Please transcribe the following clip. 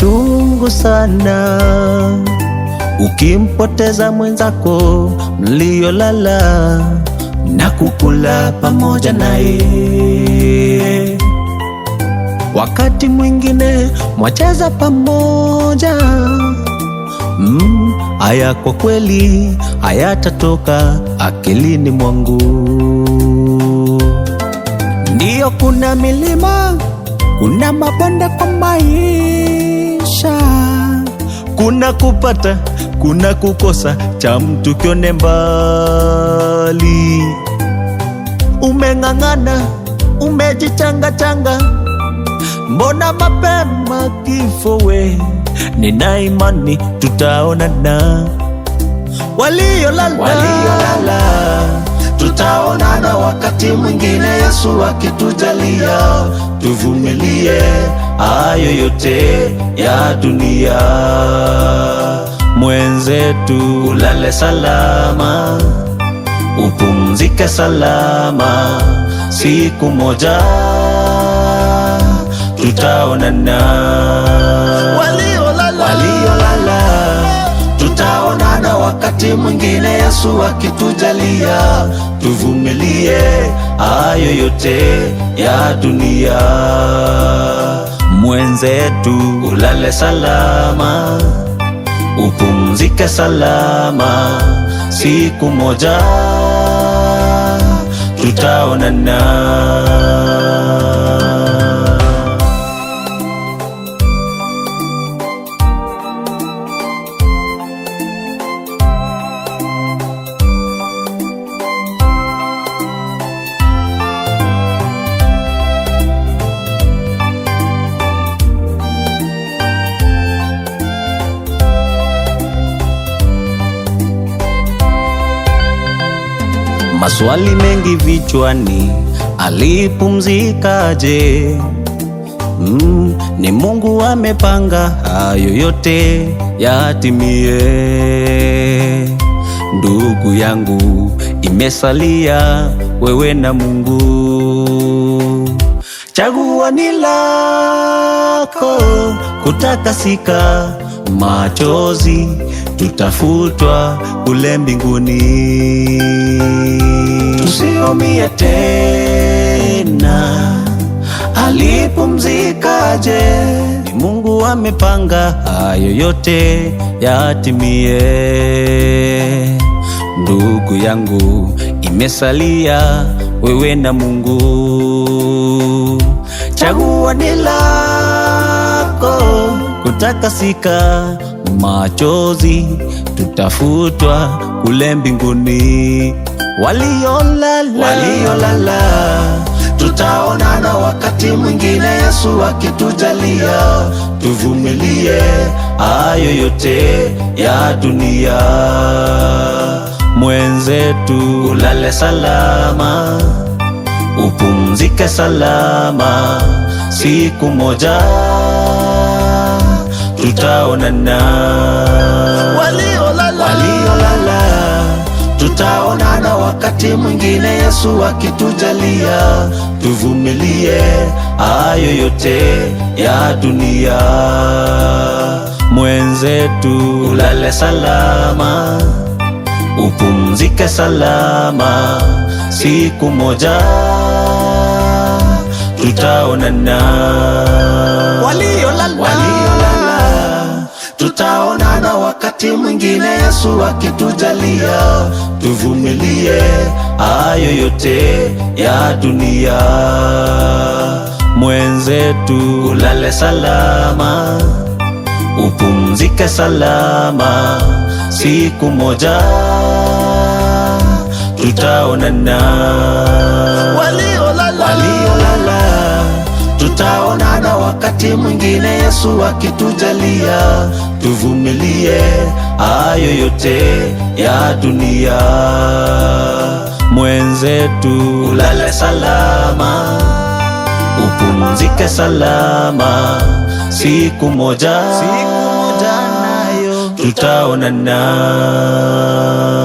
chungu sana ukimpoteza mwenzako mliolala na kukula pamoja naye. Wakati mwingine mwacheza pamoja mm, haya kwa kweli hayatatoka akilini mwangu. Ndiyo, kuna milima, kuna mabonde kwa maisha maisha, kuna kupata, kuna kukosa, cha mtu kione mbali. Umeng'ang'ana, changa, mbona mapema kifo we? Nina imani tutaonana, waliolala tutaonana wakati mwingine, Yesu akitujalia. Tuvumilie hayo yote ya dunia, mwenzetu, ulale salama, upumzike salama, siku moja tutaonana. wakati mwingine Yesu akitujalia, tuvumilie hayo yote ya dunia. Mwenzetu, ulale salama, upumzike salama, siku moja tutaonana. maswali mengi vichwani, alipumzikaje? Mm, ni Mungu amepanga hayo yote yatimie. Ndugu yangu, imesalia wewe na Mungu, chaguo ni lako, kutakasika machozi tutafutwa kule mbinguni. Tusiumie tena. Alipumzikaje? Ni Mungu amepanga hayo yote yatimie. Ndugu yangu, imesalia wewe na Mungu, chaguo ni lako kutakasika machozi, tutafutwa kule mbinguni. Waliolala waliolala, tutaonana wakati mwingine, Yesu akitujalia. Tuvumilie hayo yote ya dunia, mwenzetu, ulale salama, upumzike salama, siku moja tutaonana, waliolala waliolala, tutaonana wakati mwingine, Yesu akitujalia, tuvumilie hayo yote ya dunia. Mwenzetu ulale salama, upumzike salama, siku moja tutaonana. tutaonana wakati mwingine, Yesu akitujalia. Tuvumilie hayo yote ya dunia, mwenzetu, ulale salama, upumzike salama, siku moja tutaonana tutaonana wakati mwingine Yesu akitujalia. Tuvumilie hayo yote ya dunia, mwenzetu ulale salama, upumzike salama, siku moja, siku moja nayo tutaonana.